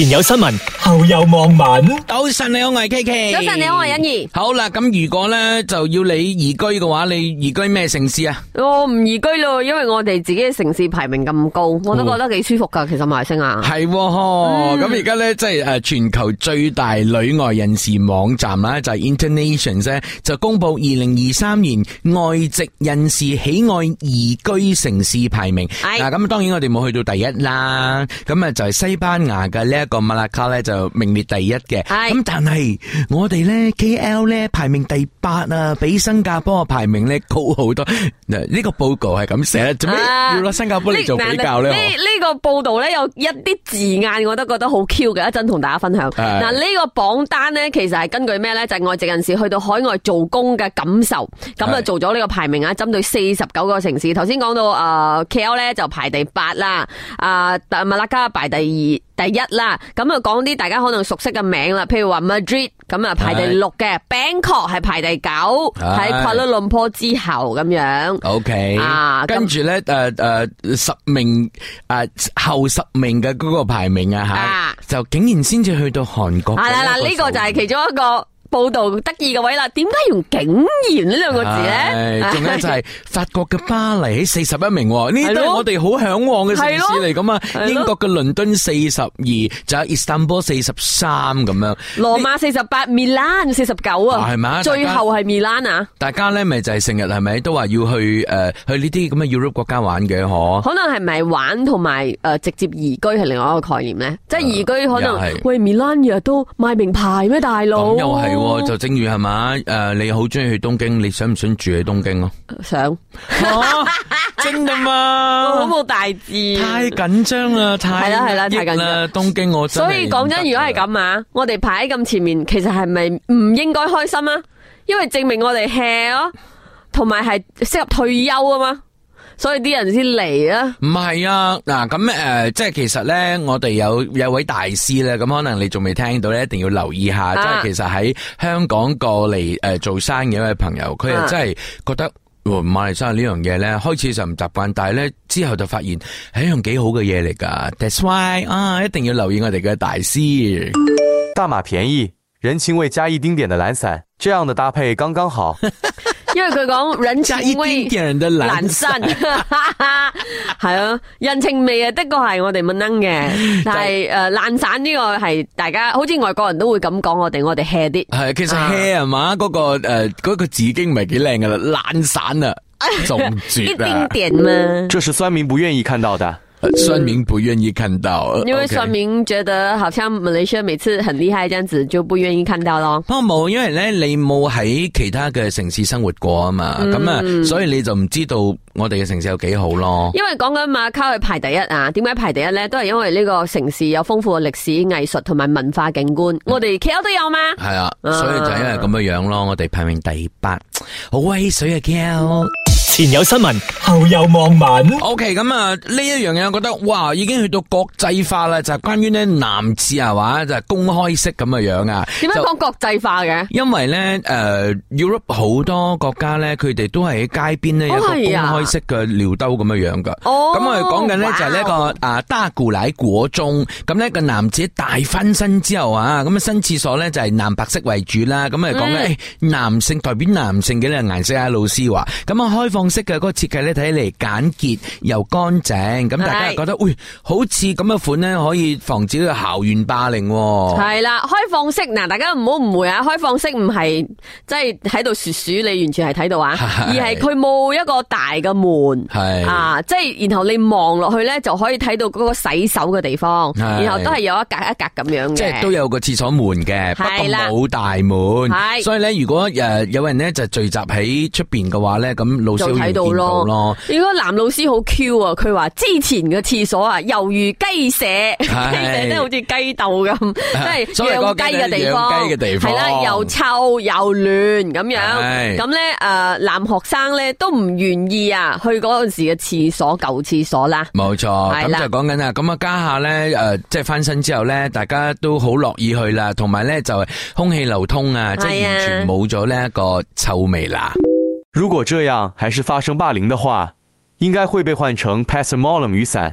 前有新聞，後有網民。早晨你好，我係 Kiki。早晨你好，我係欣怡。好啦，咁如果咧就要你移居嘅話，你移居咩城市啊？我唔移居咯，因為我哋自己嘅城市排名咁高，我都覺得幾舒服噶。其實埋升啊，係咁而家咧，即係誒，全球最大旅外人士網站啦，就係 InterNations 咧，就公布二零二三年外籍人士喜愛移居城市排名。嗱，咁當然我哋冇去到第一啦。咁啊，就係西班牙嘅呢一個馬拉卡咧就名列第一嘅，咁但係我哋咧 KL 咧排名第八啊，比新加坡嘅排名咧高好多。嗱呢個報告係咁寫，做咩要攞新加坡嚟做比較咧？呢呢個報道咧有一啲字眼，我都覺得好 Q 嘅，一陣同大家分享。嗱呢個榜單咧，其實係根據咩咧？就係外籍人士去到海外做工嘅感受，咁啊做咗呢個排名啊，針對四十九個城市。頭先講到啊 KL 咧就排第八啦，啊馬拉卡排第二、第一啦。咁啊，講啲大家可能熟悉嘅名啦，譬如話 Madrid，咁啊排第六嘅的，Bangkok 係排第九，喺<的 >Kuala Lumpur 之後咁樣。O Okay , K，啊，跟住咧，誒誒、嗯啊啊，十名誒、啊、後十名嘅嗰個排名啊吓，的就竟然先至去到韓國。呢個就係其中一個。報道得意嘅位啦，點解用驚現呢兩個字咧？係仲有就係法國嘅巴黎喺四十一名，呢都我哋好向往嘅城市嚟咁啊！英國嘅倫敦四十二，就有伊斯坦堡四十三咁樣，羅馬四十八，米蘭四十九啊！係咪啊？最後係米蘭啊！大家咧咪就係成日係咪都話要去誒去呢啲咁嘅 Europe 國家玩嘅？可可能係咪玩同埋誒直接移居係另外一個概念咧？即係移居可能喂米蘭日日都買名牌咩大佬？就正如係嘛，誒，你好中意去東京，你想唔想住喺東京咯？想，真噶嘛？好冇大志，太緊張啦，太係啦係啦，太緊張。東京我所以講真，如果係咁啊，我哋排喺咁前面，其實係咪唔應該開心啊？因為證明我哋 hea 咯，同埋係適合退休啊嘛。所以啲人先嚟啊！唔係啊，嗱咁誒，即係其實咧，我哋有有位大師咧，咁可能你仲未聽到咧，一定要留意下。即係、啊、其實喺香港過嚟誒，做生意一位朋友，佢又真係覺得馬來西亞呢樣嘢咧，開始就唔習慣，但係咧之後就發現係一樣幾好嘅嘢嚟噶。 That's why 啊，一定要留意我哋嘅大師。大馬便宜，人情味加一丁點的懶散，這樣嘅搭配剛剛好。 因為佢講人情味，懶散係咯。人情味啊，的確係我哋冇諗嘅。但係誒，懶 對、呃、散呢個係大家，好似外國人都會咁講我哋，我哋 hea 啲。係， 其實 hea 嘛，嗰，那個誒，呃那個字經唔係幾靚噶啦，懶散啦，總之，啊。一丁點呢？這是酸民不願意看到的。算明、呃、不願意看到，因為算明覺得好像馬來西亞每次很厲害，這樣子就不願意看到咯。不過冇，因為咧你冇喺其他嘅城市生活過啊嘛，咁、嗯、啊，所以你就唔知道。我哋嘅城市有幾好咯，因為講緊馬卡去排第一啊，點解排第一咧？都係因為呢個城市有豐富嘅歷史、藝術同埋文化景觀。我哋 KL 都有嘛？係啊，所以就係咁嘅樣咯。我哋排名第八，好威水啊！KL 前有新聞，後有網民。OK，咁啊，呢一樣嘢我覺得哇，已經去到國際化啦。就係關於呢男廁係嘛，就係公開式咁嘅樣啊。點解講國際化嘅？因為咧，誒，Europe 好多國家咧，佢哋都係喺街邊咧有個公開。色嘅尿兜咁樣樣噶，咁我哋講緊呢就係呢個啊打固奶果鐘，咁呢個男子大翻身之後啊，咁啊新廁所呢就係藍白色為主啦，咁啊講緊男性代表男性嘅呢個顏色啊，老師話，咁啊開放式嘅嗰個設計呢，睇起嚟簡潔又乾淨，咁大家覺得喂，好似咁嘅款呢可以防止呢個校園霸凌。係啦，開放式嗱，大家唔好誤會啊，開放式唔係即係喺度噓噓，你完全係睇到啊，而係佢冇一個大嘅。門係啊，即係然後你望落去咧，就可以睇到嗰個洗手嘅地方，然後都係有一格一格咁樣嘅，即係都有個廁所門嘅，不過冇大門。係所以咧，如果誒有人咧就聚集喺出邊嘅話咧，咁老師會見到咯。如果男老師好 Q 啊，佢話之前嘅廁所啊，猶如雞舍，雞舍咧好似雞竇咁，即係養雞嘅地方，係啦，又臭又亂咁樣，咁咧誒男學生咧都唔願意啊。啊！去嗰陣時嘅廁所舊廁所啦，冇錯，咁就講緊啦。咁啊家下咧誒，即係翻新之後咧，大家都好樂意去啦，同埋咧就空氣流通啊，嗯、即係完全冇咗呢一個臭味啦。如果這樣還是發生霸凌嘅話，應該會被換成 passamolam 雨傘。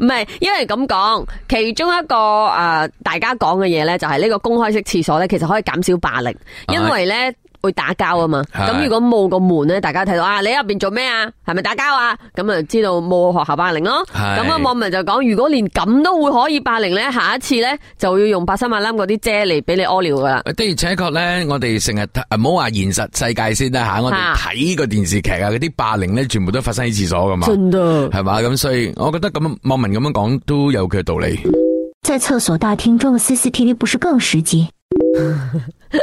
唔係因為咁講，其中一個誒、呃、大家講嘅嘢咧，就係呢個公開式廁所咧，其實可以減少霸凌，因為咧。啊會打交啊嘛，咁的如果冇個門咧，大家睇到啊，你入邊做咩啊？係咪打交啊？咁啊，知道冇學校霸凌咯。咁個的網民就講，如果連咁都會可以霸凌咧，下一次咧就要用百三百冧嗰啲遮嚟俾你屙尿噶啦。的而且確咧，我哋成日唔好話現實世界先啦吓、啊，我哋睇個電視劇啊，嗰啲的霸凌咧，全部都發生喺廁所噶嘛，真係的嘛？咁所以我覺得咁網民咁樣講都有佢嘅道理。在廁所大廳裝 CCTV 不是更實際？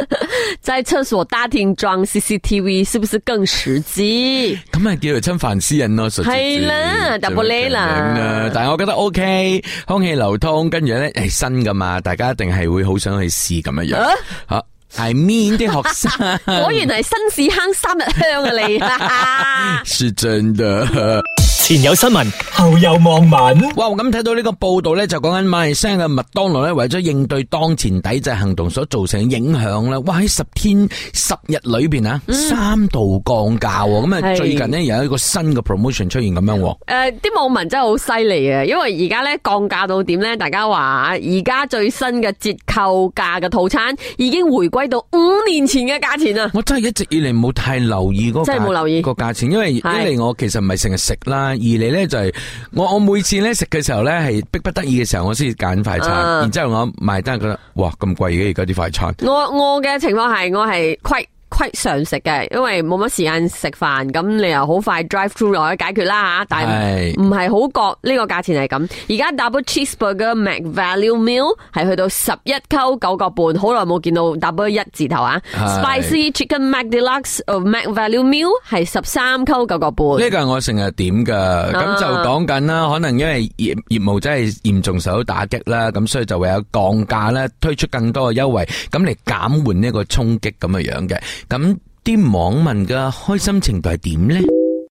在廁所大廳裝 CCTV 是不是更實際？咁係叫做侵犯私隱咯，係啦，大不咧啦。 但係我覺得 OK，空氣流通，跟住咧係新噶嘛，大家一定係會好想去試咁樣樣。吓、啊、，I mean 啲學生， 果然係新屎坑三日香啊！你，哈哈！是真的。前有新聞，後有網民。哇！咁睇到呢個報道咧，就講緊馬來西亞嘅麥當勞咧，為咗應對當前抵制行動所造成嘅影響咧，哇！喺十天十日裏邊啊，三度降價。咁啊、嗯，最近呢，有一個新嘅 promotion 出現咁樣。誒是，啲、呃、網民真係好犀利啊！因為而家咧降價到點咧？大家話而家最新嘅折扣價嘅套餐已經回歸到五年前嘅價錢啊！我真係一直以嚟冇太留意嗰個價，真係冇留意個價錢，因為咧是我其實唔係成日食啦。二嚟咧就係、是、我我每次咧食嘅時候咧係逼不得已嘅時候我先揀快餐，啊、然之後我買單覺得哇咁貴嘅而家啲快餐。我我嘅情況係我係虧。慣常食嘅，因為冇乜時間食飯，咁你又好快 drive through 落去解決啦吓，但係唔係好覺呢個價錢係咁。而家 double cheeseburger mac value meal 係去到十一溝九個半，好耐冇見到 double 一字頭啊！spicy chicken mac deluxe mac value meal 係十三溝九個半。呢個係我成日點噶，咁就講緊啦，可能因為業業務真係嚴重受到打擊啦，咁所以就會有降價啦，推出更多嘅優惠，咁嚟減緩呢個衝擊咁嘅樣嘅。咁啲網民嘅開心程度係點咧？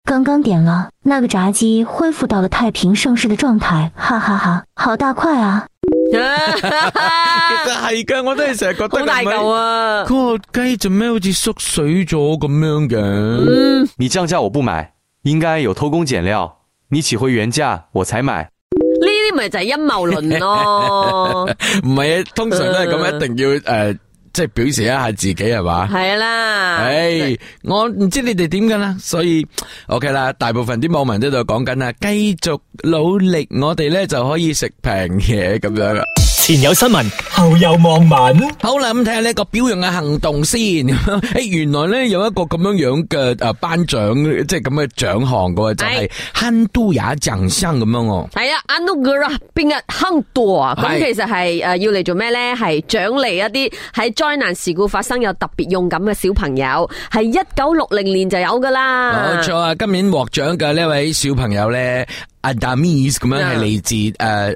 剛剛點了那個炸雞，恢復到了太平盛世嘅狀態，哈哈哈哈！好大塊啊！ 其實係嘅，我都係成日覺得好大嚿啊！嗰個雞做咩好似縮水咗咁樣嘅？嗯，你降價我不買，應該有偷工減料。你企回原價我才買。呢啲咪就係陰謀論咯？唔係啊，通常都係咁， 一定要誒。呃即係表示一下自己係嘛，係啦，唉， hey, 我唔知你哋點嘅啦，所以 OK 啦，大部分啲網民都喺度講緊啦，繼續努力，我哋咧就可以食平嘢咁樣啦。前有新聞，後有網民。好啦，咁睇下呢個表揚嘅行動先。誒，原來咧有一個咁樣樣嘅誒頒獎，即係咁嘅獎項嘅就係亨都亞獎章咁樣哦。係啊，Anugerah 邊個亨都啊？咁其實係誒要嚟做咩咧？係獎勵一啲係災難事故發生有特別勇敢嘅小朋友。係一九六零年就有噶啦。冇錯啊！今年獲獎嘅呢位小朋友咧。Adams 咁樣係嚟自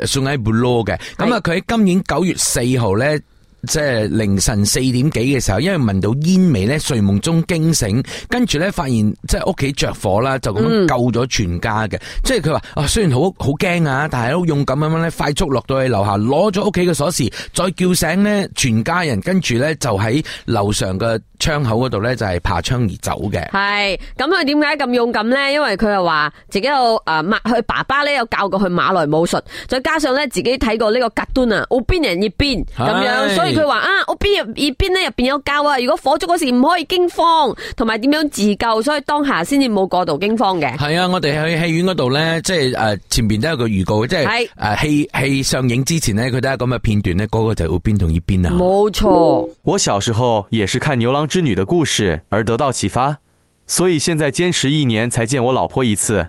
誒宋埃布羅嘅，咁啊佢喺今年九月四號咧。即係凌晨四點幾嘅時候，因為聞到煙味咧，睡夢中驚醒，跟住咧發現即係屋企着火啦，就咁救咗全家嘅。嗯、即係佢話，雖然好好驚啊，但係都勇敢咁樣咧，快速落到去樓下，攞咗屋企嘅鎖匙，再叫醒呢全家人，跟住咧就喺樓上嘅窗口嗰度咧就係、是、爬窗而走嘅。係咁佢點解咁勇敢咧？因為佢又話自己有誒馬，佢、呃、爸爸咧有教過佢馬來武術，再加上咧自己睇過呢個格敦啊，邊人越邊咁樣，所以。佢話啊，屋邊入耳邊咧入邊有教啊！如果火燭嗰時唔可以驚慌，同埋點樣自救，所以當下先至冇過度驚慌嘅。係啊，我哋去戲院嗰度咧，即係、啊、誒前邊都有個預告，即係誒戲戲上映之前咧，佢都下咁嘅片段咧，嗰、那個就會邊同耳邊啦。冇錯，我小時候也是看牛郎織女嘅故事而得到啟發，所以現在堅持一年才見我老婆一次。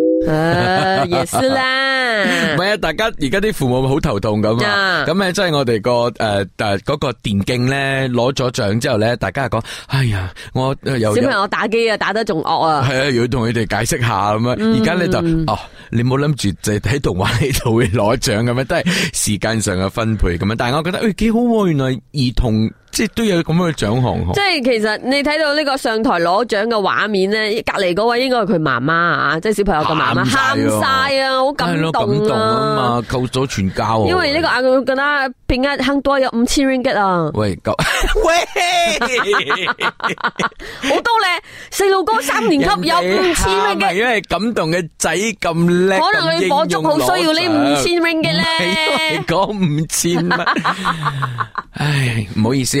啊，也啦。唔係啊，大家而家啲父母會好頭痛咁啊。咁咧 Yeah. 即係我哋、個誒誒嗰個電競咧攞咗獎之後咧，大家係講，哎呀，我又有小朋友我打機啊打得仲惡啊。係啊、哎，要同佢哋解釋下咁樣。而家咧就哦，你冇諗住就喺動畫呢度會攞獎咁樣，都係時間上嘅分配咁樣。但係我覺得誒、哎、幾好、啊，原來兒童。即係都有咁樣嘅獎項。即係其實你睇到呢個上台攞獎嘅畫面咧，隔籬嗰位應該係佢媽媽啊，即係小朋友嘅媽媽，喊晒啊，好感動啊。係咯，感動啊嘛，救咗全家。因為呢個阿哥覺得變一慳多有五千 ringgit 啊。喂，夠。喂。好多咧，細路哥三年級有五千 ringgit 嘅，因為感動嘅仔咁叻，可能我仲好需要呢五千 ringgit 咧。你講五千蚊，唉，唔好意思。